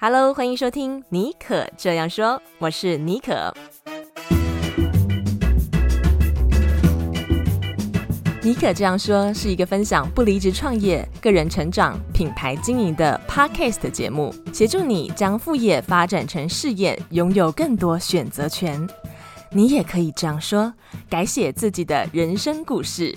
Hello，歡迎收聽尼可這樣說，我是尼可。尼可這樣說是一個分享不離職創業、個人成長、品牌經營的 Podcast 節目，協助你將副業發展成事業，擁有更多選擇權。你也可以這樣說，改寫自己的人生故事。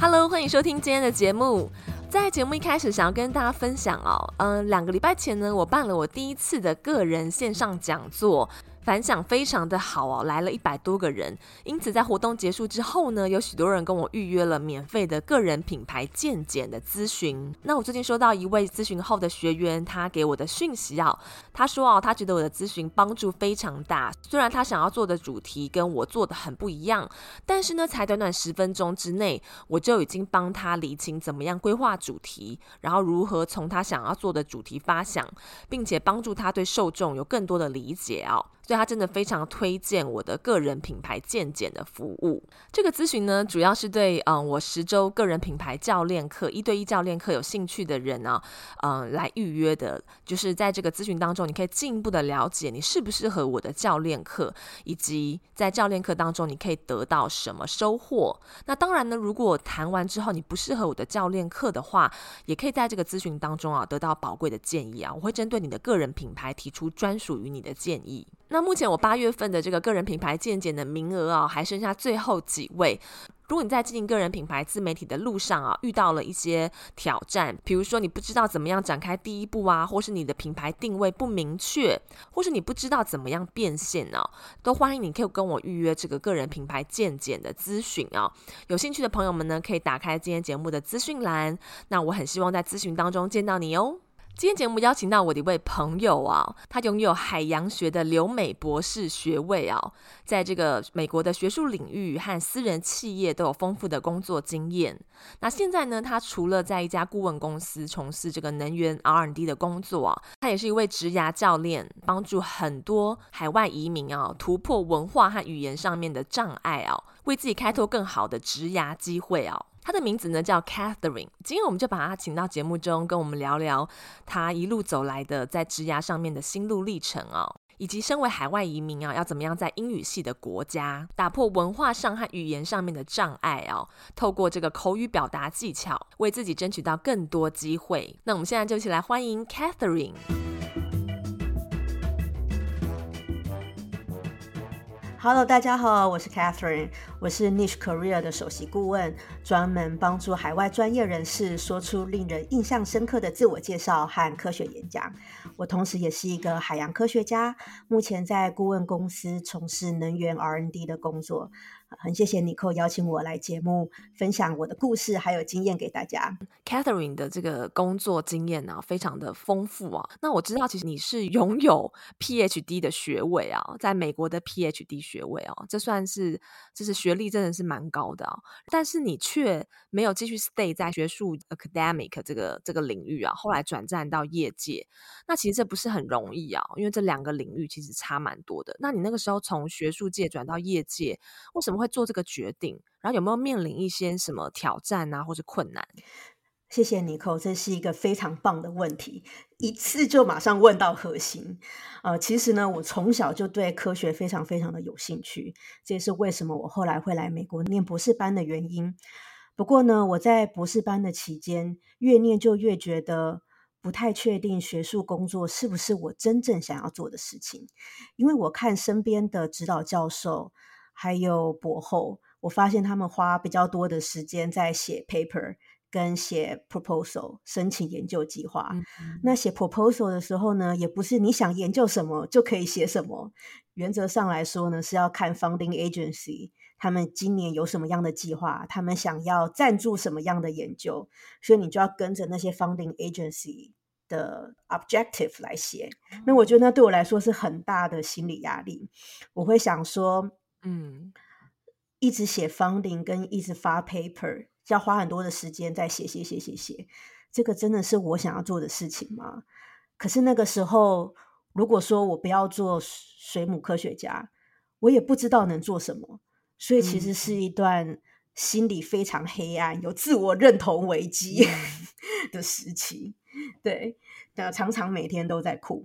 Hello，歡迎收聽今天的節目。在節目一開始，想要跟大家分享哦，嗯，兩個禮拜前呢，我辦了我第一次的個人線上講座。反響非常的好哦，來了一百多個人。因此，在活動結束之後呢，有許多人跟我預約了免費的個人品牌健檢的諮詢。那我最近收到一位諮詢後的學員，他給我的訊息哦，他說哦，他覺得我的諮詢幫助非常大。雖然他想要做的主題跟我做的很不一樣，但是呢，才短短十分鐘之內，我就已經幫他理清怎麼樣規劃主題，然後如何從他想要做的主題發想，並且幫助他對受眾有更多的理解哦。所以，他真的非常推薦我的個人品牌健檢的服務。這個諮詢呢，主要是對嗯、呃，我十周個人品牌教練課一對一教練課有興趣的人啊，嗯、呃，來預約的。就是在這個諮詢當中，你可以進一步的了解你適不適合我的教練課，以及在教練課當中你可以得到什麼收穫。那當然呢，如果談完之後你不適合我的教練課的話，也可以在這個諮詢當中啊，得到寶貴的建議啊。我會針對你的個人品牌提出專屬於你的建議。那目前我八月份的這個個人品牌健檢的名額啊，還剩下最後幾位。如果你在進行個人品牌自媒體的路上啊，遇到了一些挑戰，比如說你不知道怎麼樣展開第一步啊，或是你的品牌定位不明確，或是你不知道怎麼樣變現啊，都歡迎你可以跟我預約這個個人品牌健檢的諮詢啊。有興趣的朋友們呢，可以打開今天節目的資訊欄。那我很希望在諮詢當中見到你哦。今天節目邀請到我的一位朋友啊，他擁有海洋學的留美博士學位啊，在這個美國的學術領域和私人企業都有豐富的工作經驗。那現在呢，他除了在一家顧問公司從事這個能源 R&D 的工作啊，他也是一位職涯教練，幫助很多海外移民啊突破文化和語言上面的障礙啊，為自己開拓更好的職涯機會啊。他的名字呢，叫 Katherine，今天我們就把他請到節目中，跟我們聊聊他一路走來的在職涯上面的心路歷程哦，以及身為海外移民啊、哦，要怎麼樣在英語系的國家打破文化上和語言上面的障礙哦，透過這個口語表達技巧為自己爭取到更多機會。那我們現在就一起來歡迎 Katherine。Hello，大家好，我是 Katherine，我是 Niche Career 的首席顧問，專門幫助海外專業人士說出令人印象深刻的自我介紹和科學演講。我同時也是一個海洋科學家，目前在顧問公司從事能源 R&D 的工作。很謝謝你 Nicolle 邀請我來節目分享我的故事還有經驗給大家。Catherine 的這個工作經驗呢、啊，非常的豐富啊。那我知道，其實你是擁有 PhD 的學位啊，在美國的 PhD 學位哦、啊，這算是這是學歷真的是蠻高的啊。但是你卻沒有繼續 stay 在學術 academic 這個這個領域啊，後來轉戰到業界。那其實這不是很容易啊，因為這兩個領域其實差蠻多的。那你那個時候從學術界轉到業界，為什麼會？會做這個決定，然後有沒有面臨一些什麼挑戰啊，或者困難？謝謝尼可，這是一個非常棒的問題，一次就馬上問到核心。呃，其實呢，我從小就對科學非常非常的有興趣，這也是為什麼我後來會來美國念博士班的原因。不過呢，我在博士班的期間，越念就越覺得不太確定學術工作是不是我真正想要做的事情，因為我看身邊的指導教授。還有博後，我發現他們花比較多的時間在寫 paper 跟寫 proposal 申請研究計劃，嗯嗯。那寫 proposal 的時候呢，也不是你想研究什麼就可以寫什麼。原則上來說呢，是要看 funding agency 他們今年有什麼樣的計劃，他們想要贊助什麼樣的研究，所以你就要跟着那些 funding agency 的 objective 來寫。嗯、那我覺得，那對我來說是很大的心理壓力。我會想說，嗯，一直寫方 u 跟一直發 paper，要花很多的時間在寫寫寫寫寫。這個真的是我想要做的事情嗎？可是那個時候，如果說我不要做水母科學家，我也不知道能做什麼。所以其實是一段心裡非常黑暗、嗯、有自我認同危機的時期。對，常常每天都在哭。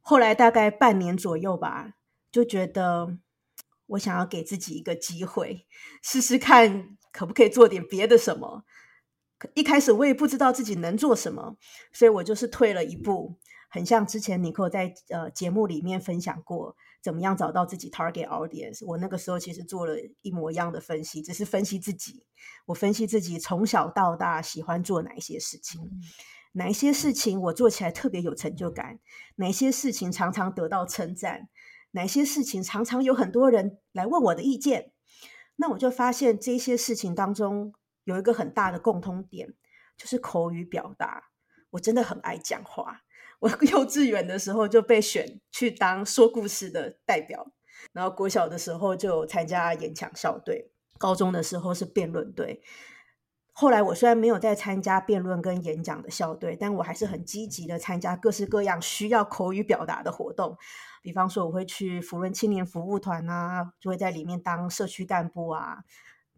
後來大概半年左右吧，就覺得。我想要給自己一個機會，試試看可不可以做點別的什麼。一開始我也不知道自己能做什麼，所以我就是退了一步。很像之前尼可在呃節目裡面分享過，怎麼樣找到自己 target audience。我那個時候其實做了一模一樣的分析，只是分析自己。我分析自己從小到大喜歡做哪一些事情，哪一些事情我做起來特別有成就感，哪一些事情常常得到稱讚。哪些事情常常有很多人來問我的意見？那我就發現這些事情當中有一個很大的共通點，就是口語表達。我真的很愛講話。我幼稚園的時候就被選去當說故事的代表，然後國小的時候就參加演講校隊，高中的時候是辯論隊。後來我雖然沒有再參加辯論跟演講的校隊，但我還是很積極的參加各式各樣需要口語表達的活動。比方說，我會去輔仁青年服務團啊，就會在裡面當社區幹部啊，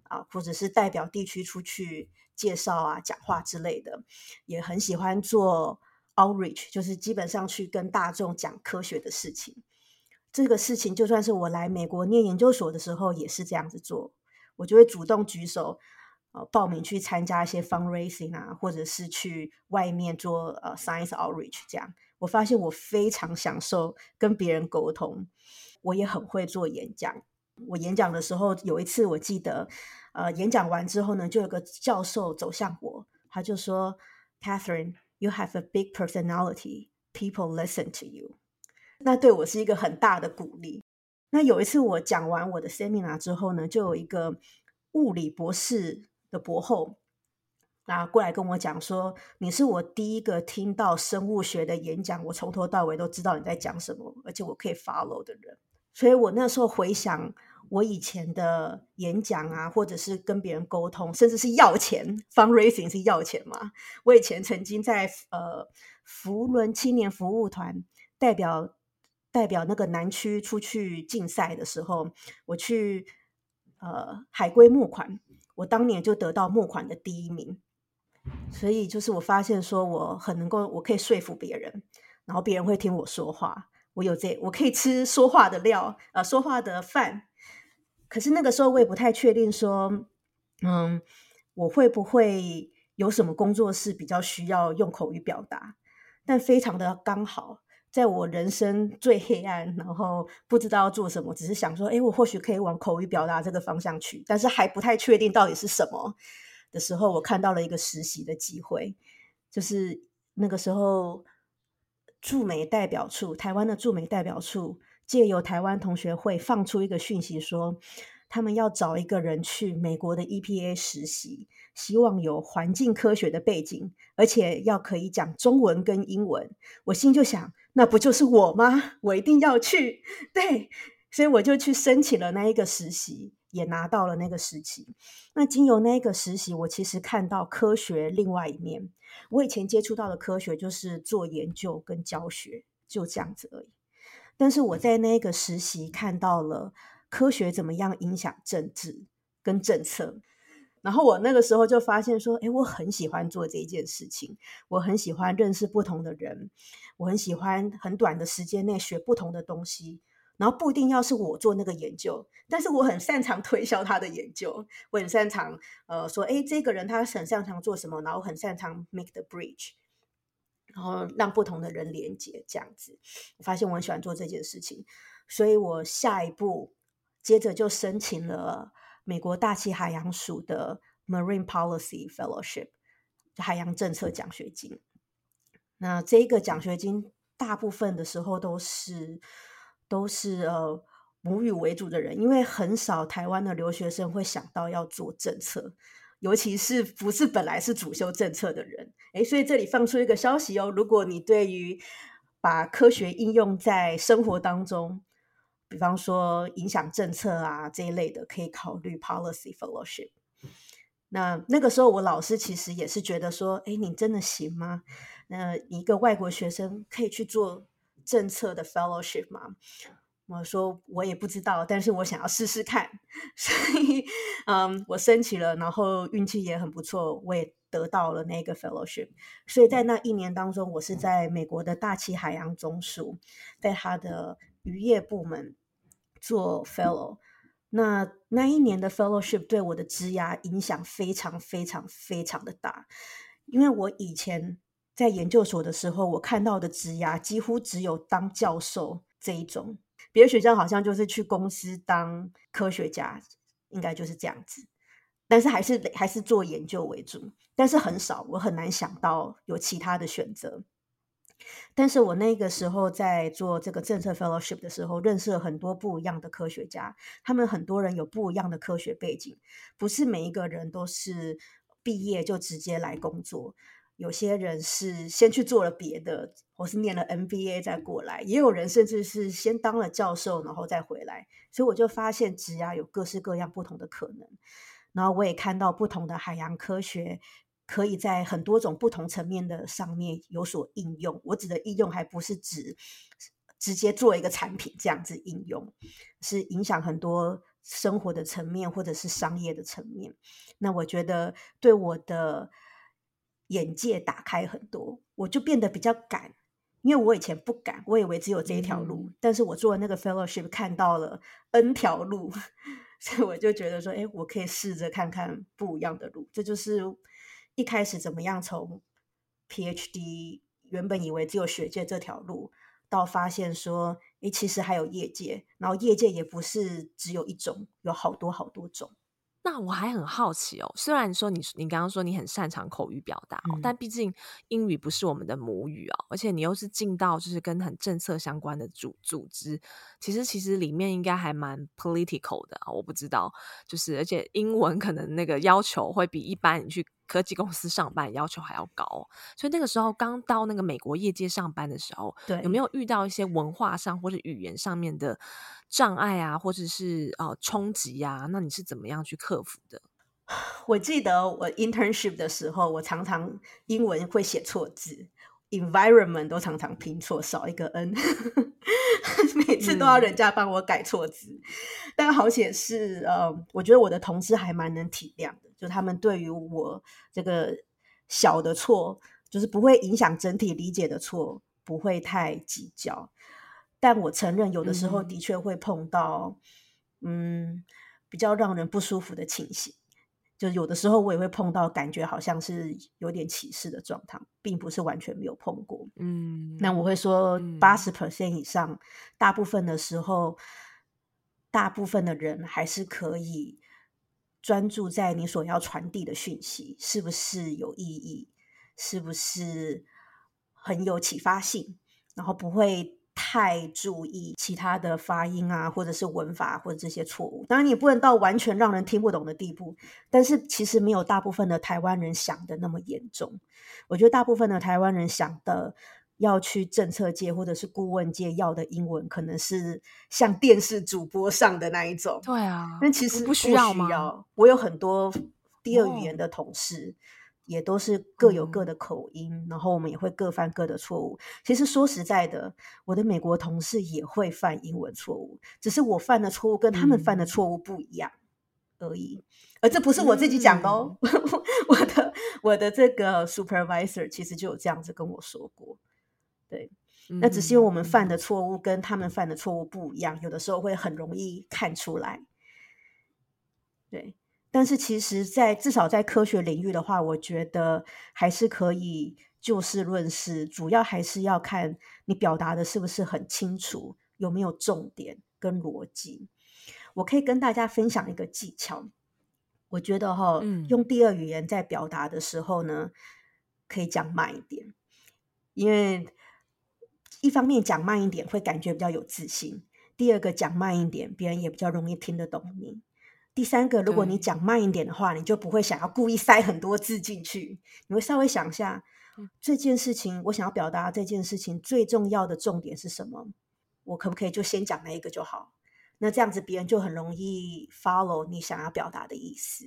啊，或者是代表地區出去介紹啊、講話之類的，也很喜歡做 outreach，就是基本上去跟大眾講科學的事情。這個事情就算是我來美國念研究所的時候也是這樣子做，我就會主動舉手，呃、啊，報名去參加一些 fundraising 啊，或者是去外面做呃、啊、science outreach 這樣。我發現我非常享受跟別人溝通，我也很會做演講。我演講的時候，有一次我記得，呃，演講完之後呢，就有個教授走向我，他就說：“Katherine, you have a big personality, people listen to you。”那對我是一個很大的鼓勵。那有一次我講完我的 seminar 之後呢，就有一個物理博士的博後。那、啊、過來跟我講說，你是我第一個聽到生物學的演講，我從頭到尾都知道你在講什麼，而且我可以 follow 的人。所以我那時候回想我以前的演講啊，或者是跟別人溝通，甚至是要錢 fundraising 是要錢嘛？我以前曾經在呃扶輪青年服務團代表代表那個南區出去競賽的時候，我去呃海歸募款，我當年就得到募款的第一名。所以就是我發現說我很能夠，我可以說服別人，然後別人會聽我說話。我有這，我可以吃說話的料，呃，說話的飯。可是那個時候我也不太確定說，嗯，我會不會有什麼工作是比較需要用口語表達？但非常的剛好，在我人生最黑暗，然後不知道要做什麼，只是想說，誒，我或許可以往口語表達這個方向去，但是還不太確定到底是什麼。的時候，我看到了一個實習的機會，就是那個時候駐美代表處，台灣的駐美代表處借由台灣同學會放出一個訊息說，說他們要找一個人去美國的 EPA 實習，希望有環境科學的背景，而且要可以講中文跟英文。我心就想，那不就是我嗎？我一定要去。對，所以我就去申請了那一個實習。也拿到了那個實習，那經由那個實習，我其實看到科學另外一面。我以前接觸到的科學就是做研究跟教學，就這樣子而已。但是我在那個實習看到了科學怎麼樣影響政治跟政策，然後我那個時候就發現說，誒，我很喜歡做這一件事情，我很喜歡認識不同的人，我很喜歡很短的時間內學不同的東西。然後不一定要是我做那個研究，但是我很擅長推銷他的研究，我很擅長呃說，哎、欸，這個人他很擅長做什麼，然後我很擅長 make the bridge，然後讓不同的人連接這樣子。我發現我很喜歡做這件事情，所以我下一步接着就申請了美國大氣海洋署的 marine policy fellowship 海洋政策獎學金。那這一個獎學金大部分的時候都是都是呃母語為主的人，因為很少台灣的留學生會想到要做政策，尤其是不是本來是主修政策的人。欸，所以這裡放出一個消息哦，如果你對於把科學應用在生活當中，比方說影響政策啊這一類的，可以考慮 policy fellowship。那那個時候我老師其實也是覺得說，欸，你真的行嗎？那一個外國學生可以去做。政策的 fellowship 嘛，我說我也不知道，但是我想要試試看，所以嗯，我申請了，然後運氣也很不錯，我也得到了那個 fellowship。所以在那一年當中，我是在美國的大氣海洋總署，在他的漁業部門做 fellow。那那一年的 fellowship 對我的職涯影響非常非常非常的大，因為我以前。在研究所的時候，我看到的職涯幾乎只有當教授這一種，別的學校好像就是去公司當科學家，應該就是這樣子。但是還是得還是做研究為主，但是很少，我很難想到有其他的選擇。但是我那個時候在做這個政策 fellowship 的時候，認識了很多不一樣的科學家，他們很多人有不一樣的科學背景，不是每一個人都是畢業就直接來工作。有些人是先去做了別的，或是念了 MBA 再過來；也有人甚至是先當了教授，然後再回來。所以我就發現職、啊，職涯有各式各樣不同的可能。然後我也看到，不同的海洋科學可以在很多種不同層面的上面有所應用。我指的應用，還不是指直接做一個產品這樣子應用，是影響很多生活的層面，或者是商業的層面。那我覺得，對我的。眼界打開很多，我就變得比較敢，因為我以前不敢，我以為只有這一條路，嗯。但是我做的那個 fellowship 看到了 N 條路，所以我就覺得說，哎、欸，我可以試着看看不一樣的路。這就是一開始怎麼樣從 PhD 原本以為只有學界這條路，到發現說，哎、欸，其實還有業界，然後業界也不是只有一種，有好多好多種。那我還很好奇哦，雖然說你你剛剛說你很擅長口語表達哦，嗯，但畢竟英語不是我們的母語哦，而且你又是進到就是跟很政策相關的組組織，其實其實裡面應該還蠻 political 的啊，我不知道，就是而且英文可能那個要求會比一般你去。科技公司上班要求還要高，所以那個時候剛到那個美國業界上班的時候，對，有沒有遇到一些文化上或是語言上面的障礙啊，或者是啊衝擊啊？那你是怎麼樣去克服的？我記得我 internship 的時候，我常常英文會寫錯字。Environment 都常常拼錯，少一個 n， 每次都要人家幫我改錯字，嗯。但好在是，呃，我覺得我的同事還蠻能體諒的，就他們對於我這個小的錯，就是不會影響整體理解的錯，不會太計較。但我承認，有的時候的確會碰到，嗯，嗯，比較讓人不舒服的情形。就有的時候我也會碰到，感覺好像是有點歧視的狀態，並不是完全沒有碰過。嗯，那我會說八十 percent 以上，嗯，大部分的時候，大部分的人還是可以專注在你所要傳遞的訊息，是不是有意義，是不是很有啟發性，然後不會，太注意其他的發音啊，或者是文法，或者這些錯誤。當然，你不能到完全讓人聽不懂的地步。但是，其實沒有大部分的台灣人想的那麼嚴重。我覺得大部分的台灣人想的要去政策界或者是顧問界要的英文，可能是像電視主播上的那一種。對啊，但其實不需要嗎？我有很多第二語言的同事。Oh. 也都是各有各的口音，嗯，然後我們也會各犯各的錯誤。其實說實在的，我的美國同事也會犯英文錯誤，只是我犯的錯誤跟他們犯的錯誤不一樣而已。嗯、而這不是我自己講的哦，嗯、 我的我的這個 supervisor 其實就有這樣子跟我說過。對，嗯、那只是因為我們犯的錯誤跟他們犯的錯誤不一樣，有的時候會很容易看出來。對。但是其實在，在至少在科學領域的話，我覺得還是可以就事論事，主要還是要看你表達的是不是很清楚，有沒有重點跟邏輯。我可以跟大家分享一個技巧，我覺得哈、哦嗯，用第二語言在表達的時候呢，可以講慢一點，因為一方面講慢一點會感覺比較有自信，第二個講慢一點，別人也比較容易聽得懂你。第三個，如果你講慢一點的話、嗯，你就不會想要故意塞很多字進去。你會稍微想一下，這件事情我想要表達，這件事情最重要的重點是什麼？我可不可以就先講那一個就好？那這樣子別人就很容易 follow 你想要表達的意思。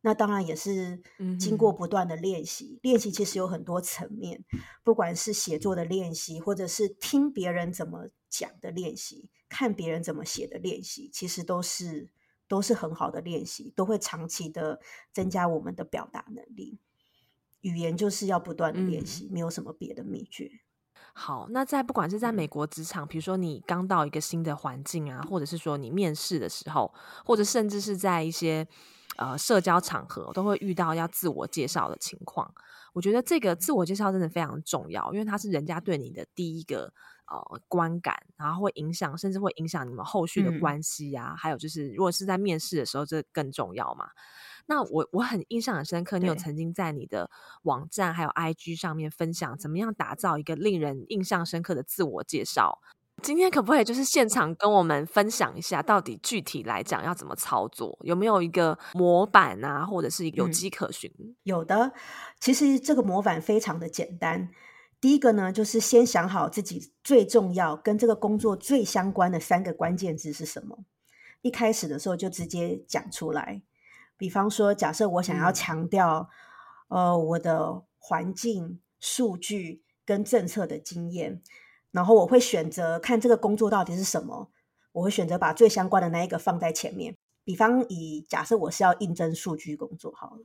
那當然也是經過不斷的練習、嗯，練習其實有很多層面，不管是寫作的練習，或者是聽別人怎麼講的練習，看別人怎麼寫的練習，其實都是。都是很好的練習，都會長期的增加我們的表達能力。語言就是要不斷練習，沒有什麼別的秘訣。好，那在不管是在美國職場，比如說你剛到一個新的環境啊，或者是說你面試的時候，或者甚至是在一些呃社交場合，都會遇到要自我介紹的情況。我覺得這個自我介紹真的非常重要，因為它是人家對你的第一個。呃，觀感，然後會影響，甚至會影響你們後續的關係啊。嗯、還有就是，如果是在面試的時候，這更重要嘛？那我我很印象很深刻，你有曾經在你的網站還有 IG 上面分享，怎麼樣打造一個令人印象深刻的自我介紹？今天可不可以就是現場跟我們分享一下，到底具體來講要怎麼操作？有沒有一個模板啊，或者是一個有跡可循、嗯？有的，其實這個模板非常的簡單。第一個呢，就是先想好自己最重要、跟這個工作最相關的三個關鍵字是什麼。一開始的時候就直接講出來。比方說，假設我想要強調、嗯，呃，我的環境、數據跟政策的經驗，然後我會選擇看這個工作到底是什麼，我會選擇把最相關的那一個放在前面。比方以假設我是要應徵數據工作好了，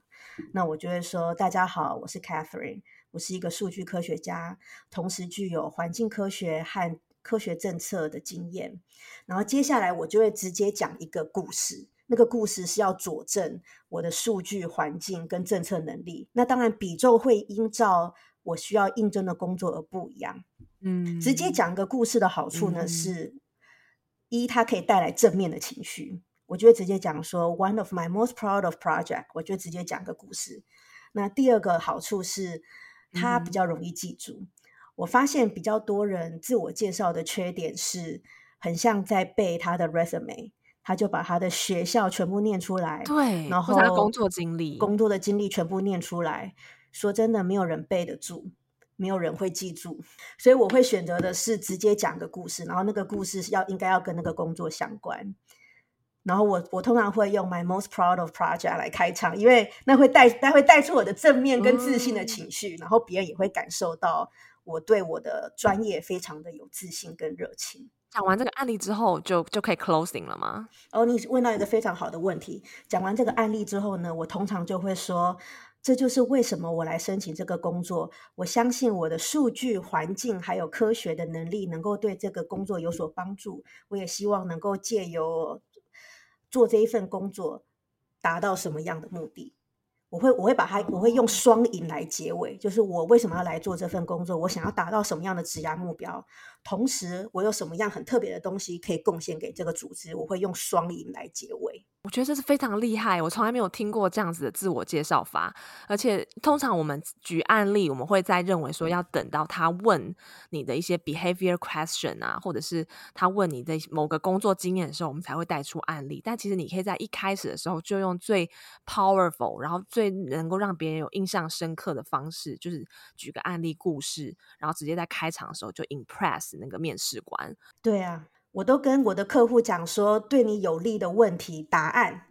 那我就會說：“大家好，我是 Katherine。”我是一個數據科學家，同時具有環境科學和科學政策的經驗。然後接下來我就會直接講一個故事，那個故事是要佐證我的數據、環境跟政策能力。那當然比重會依照我需要應徵的工作而不一樣。嗯，直接講個故事的好處呢、嗯、是，一它可以帶來正面的情緒。我就會直接講說，One of my most proud of project，我就直接講個故事。那第二個好處是。他比較容易記住。Mm -hmm. 我發現比較多人自我介紹的缺點是，很像在背他的 resume，他就把他的學校全部念出來，對，然後他的工作經歷、工作的經歷全部念出來。說真的，沒有人背得住，沒有人會記住。所以我會選擇的是直接講個故事，然後那個故事要應該要跟那個工作相關。然後我我通常會用 My Most Proud of Project 來開場，因為那會帶帶會帶出我的正面跟自信的情緒，嗯，然後別人也會感受到我對我的專業非常的有自信跟熱情。講完這個案例之後就，就就可以 closing 了嗎？哦，你問到一個非常好的問題。講完這個案例之後呢，我通常就會說，這就是為什麼我來申請這個工作。我相信我的數據環境還有科學的能力能夠對這個工作有所幫助。我也希望能夠借由做這一份工作達到什麼樣的目的？我會我會把它，我會用雙贏來結尾。就是我為什麼要來做這份工作？我想要達到什麼樣的職業目標？同時，我有什麼樣很特別的東西可以貢獻給這個組織？我會用雙贏來結尾。我覺得這是非常厲害，我從來沒有聽過這樣子的自我介紹法。而且通常我們舉案例，我們會在認為說要等到他問你的一些 behavior question 啊，或者是他問你的某個工作經驗的時候，我們才會帶出案例。但其實你可以在一開始的時候就用最 powerful，然後最能夠讓別人有印象深刻的方式，就是舉個案例故事，然後直接在開場的時候就 impress 那個面試官。對啊。我都跟我的客戶講說，對你有利的問題答案，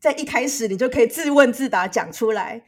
在一開始你就可以自問自答講出來，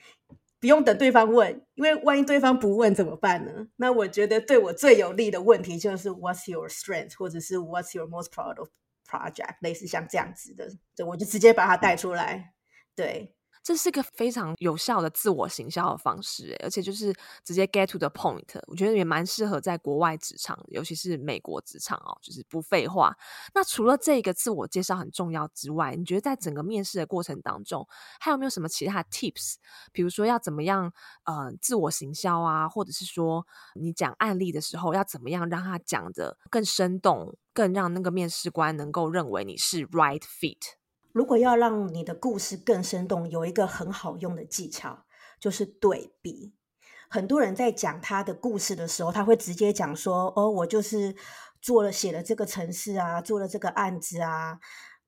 不用等對方問，因為萬一對方不問怎麼辦呢？那我覺得對我最有利的問題就是 "What's your strength"，或者是 "What's your most proud of project"，類似像這樣子的，就我就直接把它帶出來，對。這是一個非常有效的自我行銷的方式，而且就是直接 get to the point。我覺得也蠻適合在國外職場，尤其是美國職場哦，就是不廢話。那除了這個自我介紹很重要之外，你覺得在整個面試的過程當中，還有沒有什麼其他 tips？比如說要怎麼樣、呃、自我行銷啊，或者是說你講案例的時候要怎麼樣讓他講得更生動，更讓那個面試官能夠認為你是 right fit。如果要讓你的故事更生動，有一個很好用的技巧就是對比。很多人在講他的故事的時候，他會直接講說：“哦，我就是做了寫了這個程式啊，做了這個案子啊，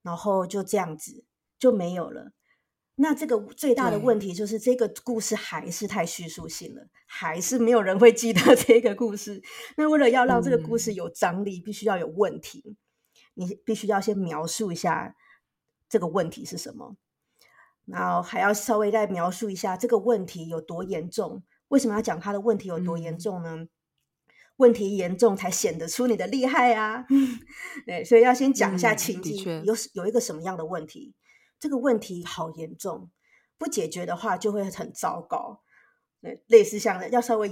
然後就這樣子就沒有了。”那這個最大的問題就是，這個故事還是太敘述性了，還是沒有人會記得這個故事。那為了要讓這個故事有張力，嗯、必須要有問題，你必須要先描述一下。這個問題是什麼？然後還要稍微再描述一下這個問題有多嚴重。為什麼要講他的問題有多嚴重呢、嗯？問題嚴重才顯得出你的厲害啊！ 對，所以要先講一下情境，有、嗯、有一個什麼樣的問題的？這個問題好嚴重，不解決的話就會很糟糕。類似像的，要稍微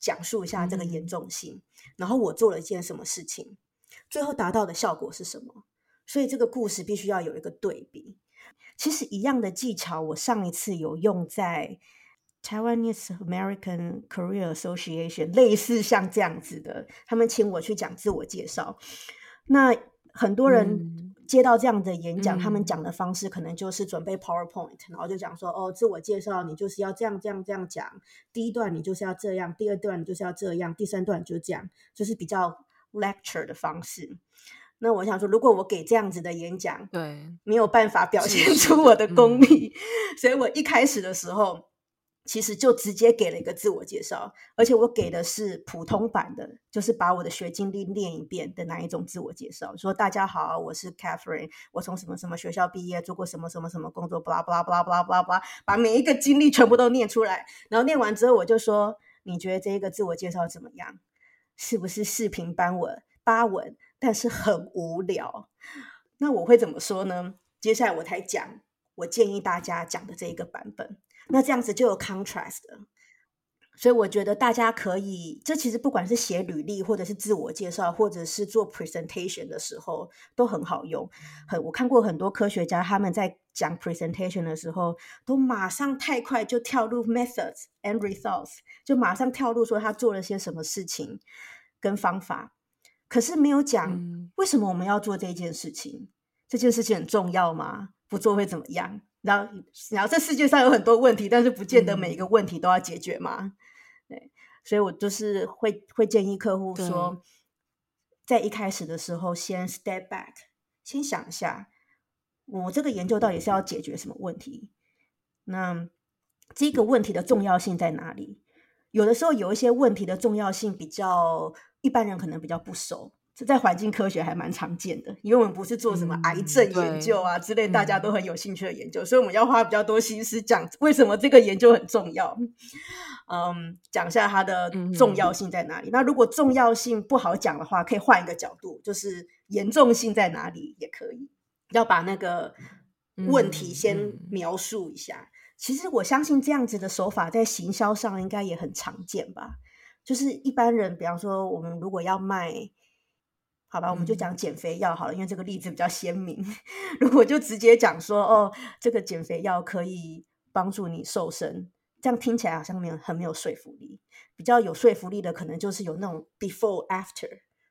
講述一下這個嚴重性、嗯。然後我做了一件什麼事情？最後達到的效果是什麼？所以這個故事必須要有一個對比。其實一樣的技巧，我上一次有用在 Taiwanese American Career Association 類似像這樣子的，他們請我去講自我介紹。那很多人接到這樣的演講，嗯，他們講的方式可能就是準備 PowerPoint，嗯，然後就講說：“哦，自我介紹你就是要這樣這樣這樣講，第一段你就是要這樣，第二段你就是要這樣，第三段你就這樣，就是比較 lecture 的方式。”那我想說，如果我給這樣子的演講，對，沒有辦法表現出我的功力、嗯，所以我一開始的時候，其實就直接給了一個自我介紹，而且我給的是普通版的，就是把我的學經歷念一遍的那一種自我介紹，說大家好、啊，我是 Katherine，我從什麼什麼學校畢業，做過什麼什麼什麼工作，不拉不拉不拉不拉不拉。把每一個經歷全部都念出來，然後念完之後，我就說，你覺得這一個自我介紹怎麼樣？是不是十分平凡？八文？但是很無聊，那我會怎麼說呢？接下來我才講，我建議大家講的這一個版本。那這樣子就有 contrast 了，所以我覺得大家可以，這其實不管是寫履歷，或者是自我介紹，或者是做 presentation 的時候，都很好用。很，我看過很多科學家他們在講 presentation 的時候，都馬上太快就跳入 methods and results，就馬上跳入說他做了些什麼事情跟方法。可是沒有講為什麼我們要做這件事情。嗯，這件事情很重要嗎？不做會怎麼樣？然後，然後這世界上有很多問題，但是不見得每一個問題都要解決嘛？嗯，對，所以我就是會會建議客戶說，在一開始的時候先 step back，先想一下，我這個研究到底是要解決什麼問題？那這個問題的重要性在哪裡？有的時候有一些問題的重要性比較，一般人可能比較不熟，這在環境科學還蠻常見的。因為我們不是做什麼癌症研究啊之類、嗯，大家都很有興趣的研究、嗯，所以我們要花比較多心思講為什麼這個研究很重要。嗯，嗯講一下它的重要性在哪裡、嗯。那如果重要性不好講的話，可以換一個角度，就是嚴重性在哪裡也可以。要把那個問題先描述一下。嗯嗯。其實我相信這樣子的手法在行銷上應該也很常見吧。就是一般人，比方說我們如果要賣，好吧，我們就講減肥藥好了，因為這個例子比較鮮明。 如果就直接講說，哦，這個減肥藥可以幫助你瘦身，這樣聽起來好像沒有很沒有說服力。比較有說服力的，可能就是有那種 before after，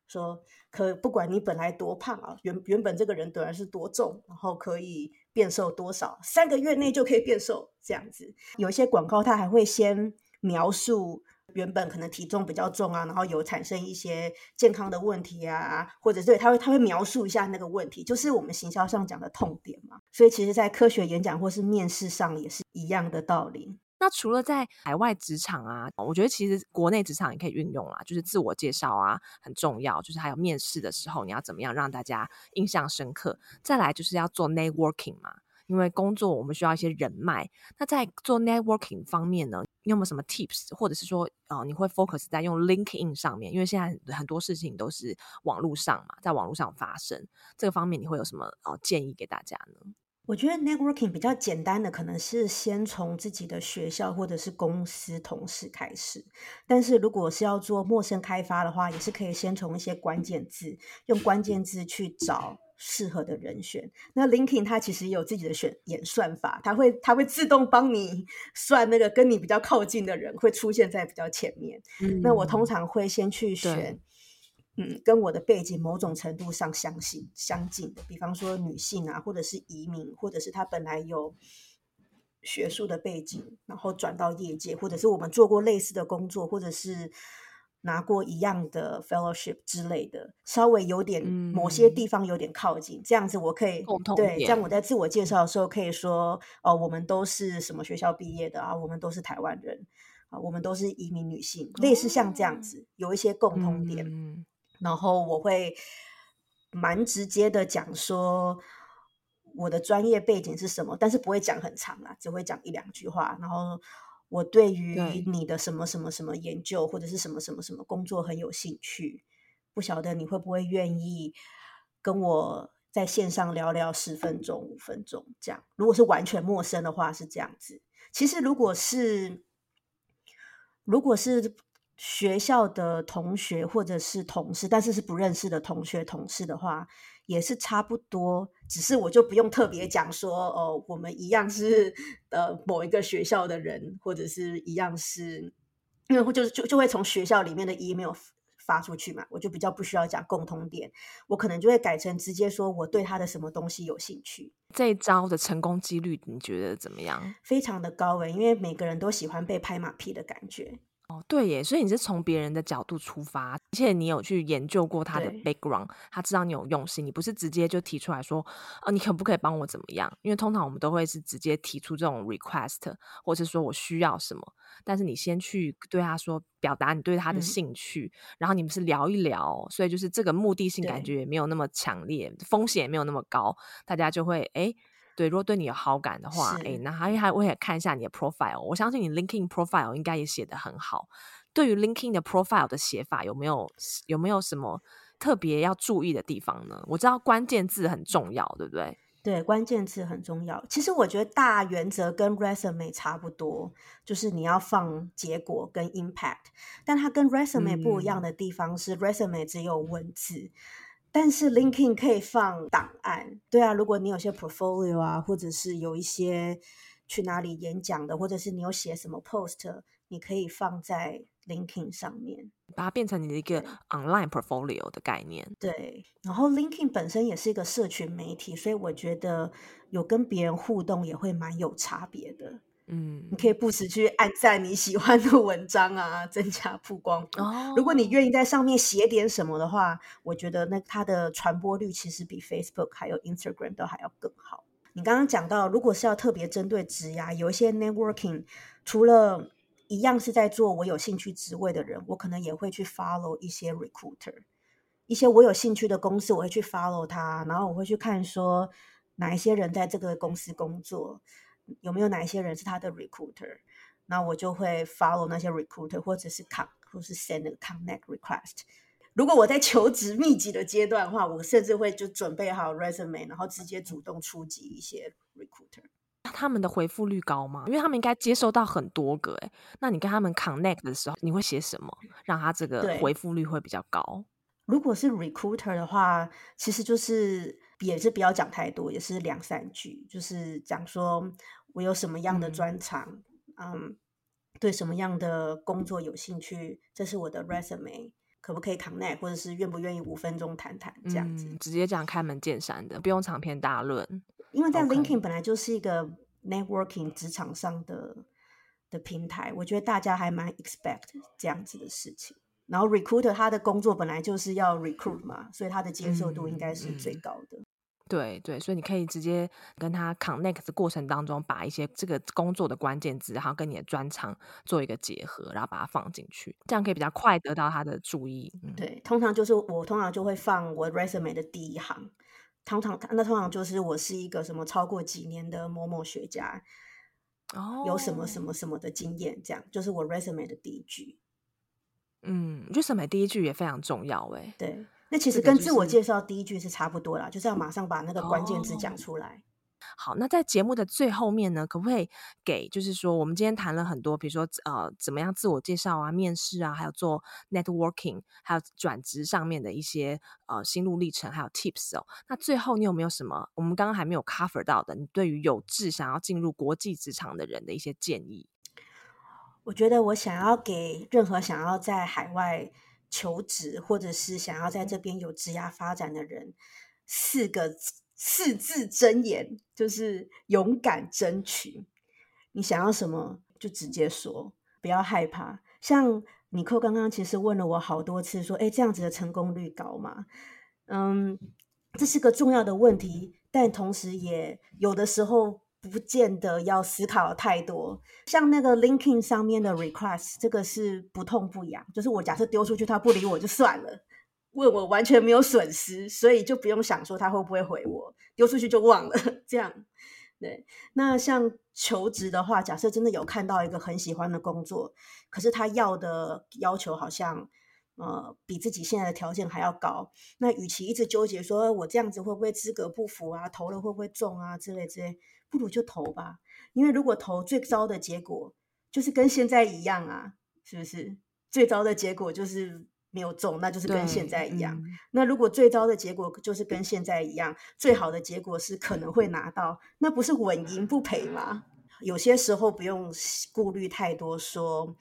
說可不管你本來多胖啊，原原本這個人本來是多重，然後可以。變瘦多少？三個月內就可以變瘦，這樣子。有一些廣告，它還會先描述原本可能體重比較重啊，然後有產生一些健康的問題啊，或者對他會他會描述一下那個問題，就是我們行銷上講的痛點嘛。所以其實，在科學演講或是面試上也是一樣的道理。那除了在海外職場啊，我覺得其實國內職場也可以運用啊，就是自我介紹啊很重要，就是還有面試的時候你要怎麼樣讓大家印象深刻。再來就是要做 networking 嘛，因為工作我們需要一些人脈。那在做 networking 方面呢，你有沒有什麼 tips，或者是說，哦、呃，你會 focus 在用 LinkedIn 上面？因為現在很多事情都是網絡上嘛，在網絡上發生。這個方面你會有什麼哦、呃、建議給大家呢？我覺得 networking 比較簡單的可能是先從自己的學校或者是公司同事開始，但是如果是要做陌生開發的話，也是可以先從一些關鍵字，用關鍵字去找適合的人選。那 LinkedIn 它其實有自己的選演算法，它會它會自動幫你算那個跟你比較靠近的人會出現在比較前面。嗯，那我通常會先去選。嗯，跟我的背景某種程度上相信相近的，比方說女性啊，或者是移民，或者是她本來有學術的背景，然後轉到業界，或者是我們做過類似的工作，或者是拿過一樣的 fellowship 之類的，稍微有點某些地方有點靠近，嗯、這樣子我可以共同點對這樣我在自我介紹的時候可以說，哦、呃，我們都是什麼學校畢業的啊，我們都是台灣人啊，呃，我們都是移民女性，類似像這樣子，有一些共通點。嗯嗯然後我會蠻直接的講說我的專業背景是什麼，但是不會講很長啦，只會講一兩句話。然後我對於你的什麼什麼什麼研究或者是什麼什麼什麼工作很有興趣，不曉得你會不會願意跟我在線上聊聊十分鐘、五分鐘這樣。如果是完全陌生的話是這樣子，其實如果是如果是。學校的同學或者是同事，但是是不認識的同學同事的話，也是差不多。只是我就不用特別講說，哦，我們一樣是呃某一個學校的人，或者是一樣是因為就就就會從學校裡面的 email 發出去嘛。我就比較不需要講共通點，我可能就會改成直接說我對他的什麼東西有興趣。這一招的成功幾率你覺得怎麼樣？非常的高誒，因為每個人都喜歡被拍馬屁的感覺。哦，對耶，所以你是從別人的角度出發，而且你有去研究過他的 background，他知道你有用心，你不是直接就提出來說，啊、哦，你可不可以幫我怎麼樣？因為通常我們都會是直接提出這種 request，或是說我需要什麼，但是你先去對他說，表達你對他的興趣，嗯、然後你們是聊一聊，所以就是這個目的性感覺也沒有那麼強烈，風險也沒有那麼高，大家就會誒對，如果對你有好感的話，那我也看一下你的 profile。我相信你 LinkedIn profile 應該也寫得很好。對於 LinkedIn 的 profile 的寫法，有沒有有沒有什麼特別要注意的地方呢？我知道關鍵字很重要，對不對？對，關鍵字很重要。其實我覺得大原則跟 resume 差不多，就是你要放結果跟 impact。但它跟 resume 不一樣的地方是，resume 只有文字。嗯但是 LinkedIn 可以放檔案，對啊，如果你有些 portfolio 啊，或者是有一些去哪裡演講的，或者是你有寫什麼 post，你可以放在 LinkedIn 上面，把它變成你的一個 online portfolio 的概念。對，然後 LinkedIn 本身也是一個社群媒體，所以我覺得有跟別人互動也會蠻有差別的。嗯，你可以不時去按贊你喜歡的文章啊，增加曝光。哦。如果你願意在上面寫點什麼的話，我覺得那它的傳播率其實比 Facebook 還有 Instagram 都還要更好。你剛剛講到，如果是要特別針對職涯，有一些 networking，除了一樣是在做我有興趣職位的人，我可能也會去 follow 一些 recruiter，一些我有興趣的公司，我會去 follow 他，然後我會去看說哪一些人在這個公司工作。有沒有哪一些人是他的 recruiter？那我就會 follow 那些 recruiter，或者是 con，或是 send connect request。如果我在求職密集的階段的話，我甚至會就準備好 resume，然後直接主動出擊一些 recruiter。那他們的回覆率高嗎？因為他們應該接收到很多個哎、欸。那你跟他們 connect 的時候，你會寫什麼，讓他這個回覆率會比較高？如果是 recruiter 的話，其實就是也是不要講太多，也是兩三句，就是講說。我有什麼樣的專長嗯？嗯，對什麼樣的工作有興趣？這是我的 resume，可不可以 connect，或者是願不願意五分鐘談談？這樣子，嗯、直接這樣開門見山的，不用長篇大論。因為在 LinkedIn、okay. 本來就是一個 networking 職場上的的平台，我覺得大家還蠻 expect 這樣子的事情。然後 recruiter 他的工作本來就是要 recruit 嘛，嗯、所以他的接受度應該是最高的。嗯嗯對對，所以你可以直接跟他 connect 的過程當中，把一些這個工作的關鍵字，然後跟你的專長做一個結合，然後把它放進去，這樣可以比較快得到他的注意。嗯、對，通常就是我，我通常就會放我 resume 的第一行，通常那通常就是我是一個什麼超過幾年的某某學家，哦、oh，有什麼什麼什麼的經驗，這樣就是我 resume 的第一句。嗯，resume、就是、第一句也非常重要、欸，哎，對。那其實跟自我介紹第一句是差不多啦，這個就是，就是要馬上把那個關鍵字講出來。哦，好，那在節目的最後面呢，可不可以給就是說，我們今天談了很多，比如說呃，怎麼樣自我介紹啊，面試啊，還有做 networking，還有轉職上面的一些呃心路歷程，還有 tips 哦。那最後你有沒有什麼我們剛剛還沒有 cover 到的？你對於有志想要進入國際職場的人的一些建議？我覺得我想要給任何想要在海外。求職，或者是想要在這邊有職業發展的人，四個四字真言就是勇敢爭取。你想要什麼就直接說，不要害怕。像尼可剛剛其實問了我好多次，說：“誒、欸，這樣子的成功率高嗎？”嗯，這是個重要的問題，但同時也有的時候。不見得要思考太多，像那個 LinkedIn 上面的 request，這個是不痛不癢，就是我假設丟出去，他不理我就算了，問我完全沒有損失，所以就不用想說他會不會回我，丟出去就忘了這樣。對，那像求職的話，假設真的有看到一個很喜歡的工作，可是他要的要求好像呃比自己現在的條件還要高，那與其一直糾結說我這樣子會不會資格不符啊，投了會不會中啊之類之類。不如就投吧，因為如果投，最糟的結果就是跟現在一樣啊，是不是？最糟的結果就是沒有中，那就是跟現在一樣，嗯。那如果最糟的結果就是跟現在一樣，最好的結果是可能會拿到，那不是穩贏不賠嗎？有些時候不用顧慮太多說，說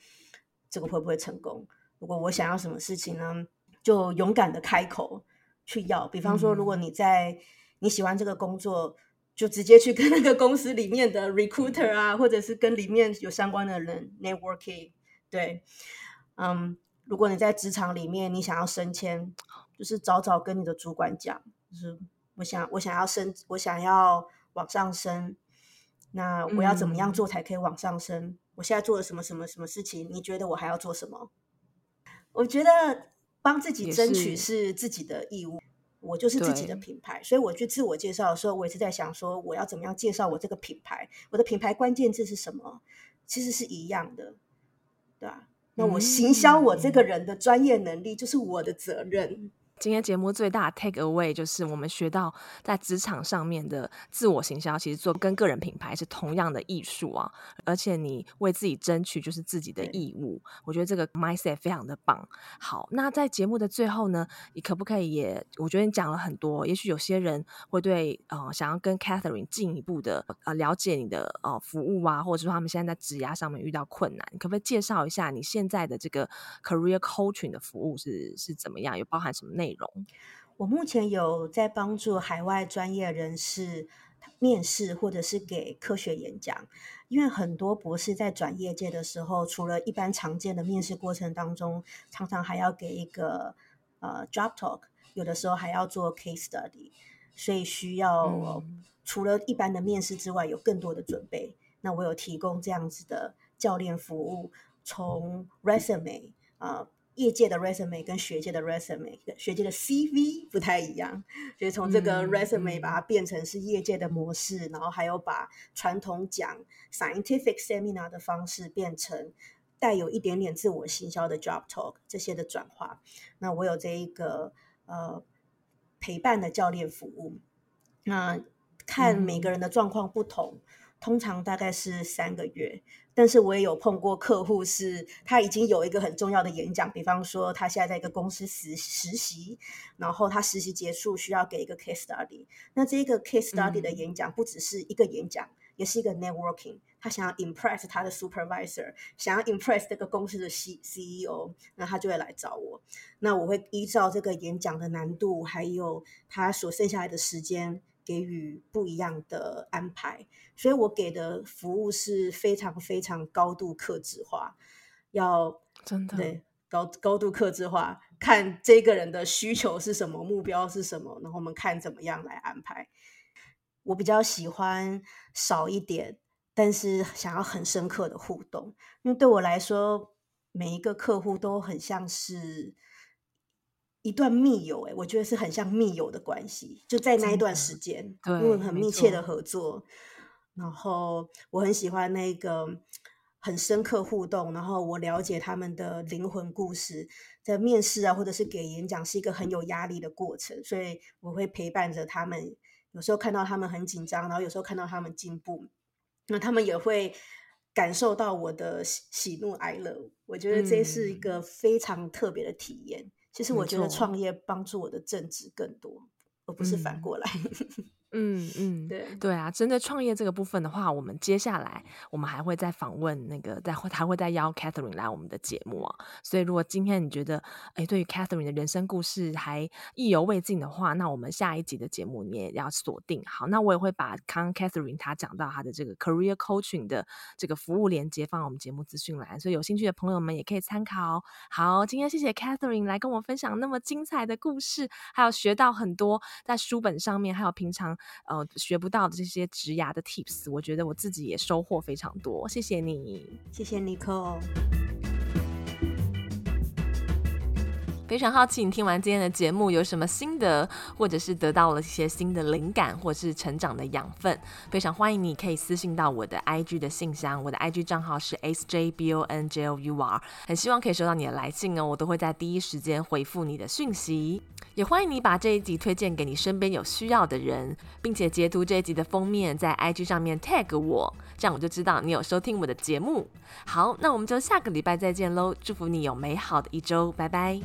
這個會不會成功？如果我想要什麼事情呢，就勇敢的開口去要。比方說，如果你在、嗯、你喜歡這個工作。就直接去跟那個公司裡面的 recruiter 啊，或者是跟裡面有相關的人 networking。對，嗯，如果你在職場裡面，你想要升遷，就是早早跟你的主管講，就是我想我想要升，我想要往上升，那我要怎麼樣做才可以往上升？嗯。我現在做了什麼什麼什麼事情？你覺得我還要做什麼？我覺得幫自己爭取是自己的義務。我就是自己的品牌，所以我去自我介紹的時候，我也是在想說，我要怎麼樣介紹我這個品牌？我的品牌關鍵字是什麼？其實是一樣的，對吧？嗯，那我行銷我這個人的專業能力，就是我的責任。嗯嗯今天節目最大的 take away 就是我們學到在職場上面的自我行銷，其實做跟個人品牌是同樣的藝術啊，而且你為自己爭取就是自己的義務，我覺得這個 mindset 非常的棒。好，那在節目的最後呢，你可不可以也？我覺得你講了很多，也許有些人會對呃想要跟 Katherine 進一步的呃了解你的呃服務啊，或者說他們現在在職涯上面遇到困難，你可不可以介紹一下你現在的這個 career coaching 的服務是是怎麼樣，有包含什麼內容？內容，我目前有在幫助海外專業人士面試，或者是給科學演講。因為很多博士在轉業界的時候，除了一般常見的面試過程當中，常常還要給一個呃 job talk，有的時候還要做 case study，所以需要、mm -hmm. 除了一般的面試之外，有更多的準備。那我有提供這樣子的教練服務，從 resume、呃業界的 resume 跟學界的 resume、學界的 CV 不太一樣，所以從這個 resume 把它變成是業界的模式，嗯、然後還有把傳統講 scientific seminar 的方式變成帶有一點點自我行銷的 job talk 這些的轉化。那我有這一個呃陪伴的教練服務，那看每個人的狀況不同，通常大概是三個月。但是我也有碰過客戶，是他已經有一個很重要的演講，比方說他現在在一個公司實實習，然後他實習結束需要給一個 case study。那這個 case study 的演講不只是一個演講，嗯、也是一個 networking。他想要 impress 他的 supervisor，想要 impress 這個公司的 C CEO，那他就會來找我。那我會依照這個演講的難度，還有他所剩下來的時間。給予不一樣的安排，所以我給的服務是非常非常高度客製化，要真的對高高度客製化，看這個人的需求是什麼，目標是什麼，然後我們看怎麼樣來安排。我比較喜歡少一點，但是想要很深刻的互動，因為對我來說，每一個客戶都很像是。一段密友誒，誒，我覺得是很像密友的關係，就在那一段時間，因為很密切的合作。然後我很喜歡那個很深刻互動，然後我了解他們的靈魂故事。在面試啊，或者是給演講，是一個很有壓力的過程，所以我會陪伴着他們。有時候看到他們很緊張，然後有時候看到他們進步，那他們也會感受到我的喜喜怒哀樂。我覺得這是一個非常特別的體驗。嗯其實、就是、我覺得創業幫助我的正職更多，而不是反過來，嗯。 嗯嗯，對對啊，針對創業這個部分的話，我們接下來我們還會再訪問那個，再還會再邀 Katherine 來我們的節目啊。所以如果今天你覺得哎，對於 Katherine 的人生故事還意猶未盡的話，那我們下一集的節目你也要鎖定。好，那我也會把康 Katherine 她講到她的這個 career coaching 的這個服務連接放我們節目資訊欄，所以有興趣的朋友們也可以參考。好，今天謝謝 Katherine 來跟我分享那麼精彩的故事，還有學到很多在書本上面還有平常。呃，學不到的這些職涯的 tips，我覺得我自己也收穫非常多。謝謝你，謝謝尼可哦。非常好奇你聽完今天的節目有什麼心得，或者是得到了一些新的靈感，或是成長的養分。非常歡迎你可以私信到我的 IG 的信箱，我的 IG 賬號是 s j b o n j o u r，很希望可以收到你的來信哦，我都會在第一時間回復你的訊息。也歡迎你把這一集推薦給你身邊有需要的人，並且截圖這一集的封面在 IG 上面 tag 我。這樣我就知道你有收聽我的節目。好，那我們就下個禮拜再見嘍，祝福你有美好的一周，拜拜。